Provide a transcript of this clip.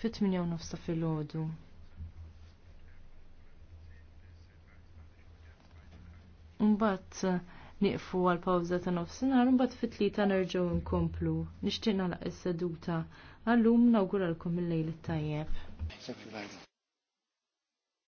fit-8 nofsa fil-ħodu. Umbat eh, niqfu għal-pawza ta' nofsinar, umbat fit ta nerġaw nkomplu. Nishtiqna is seduta għallum nawguralkom il-lejl it-tajjeb.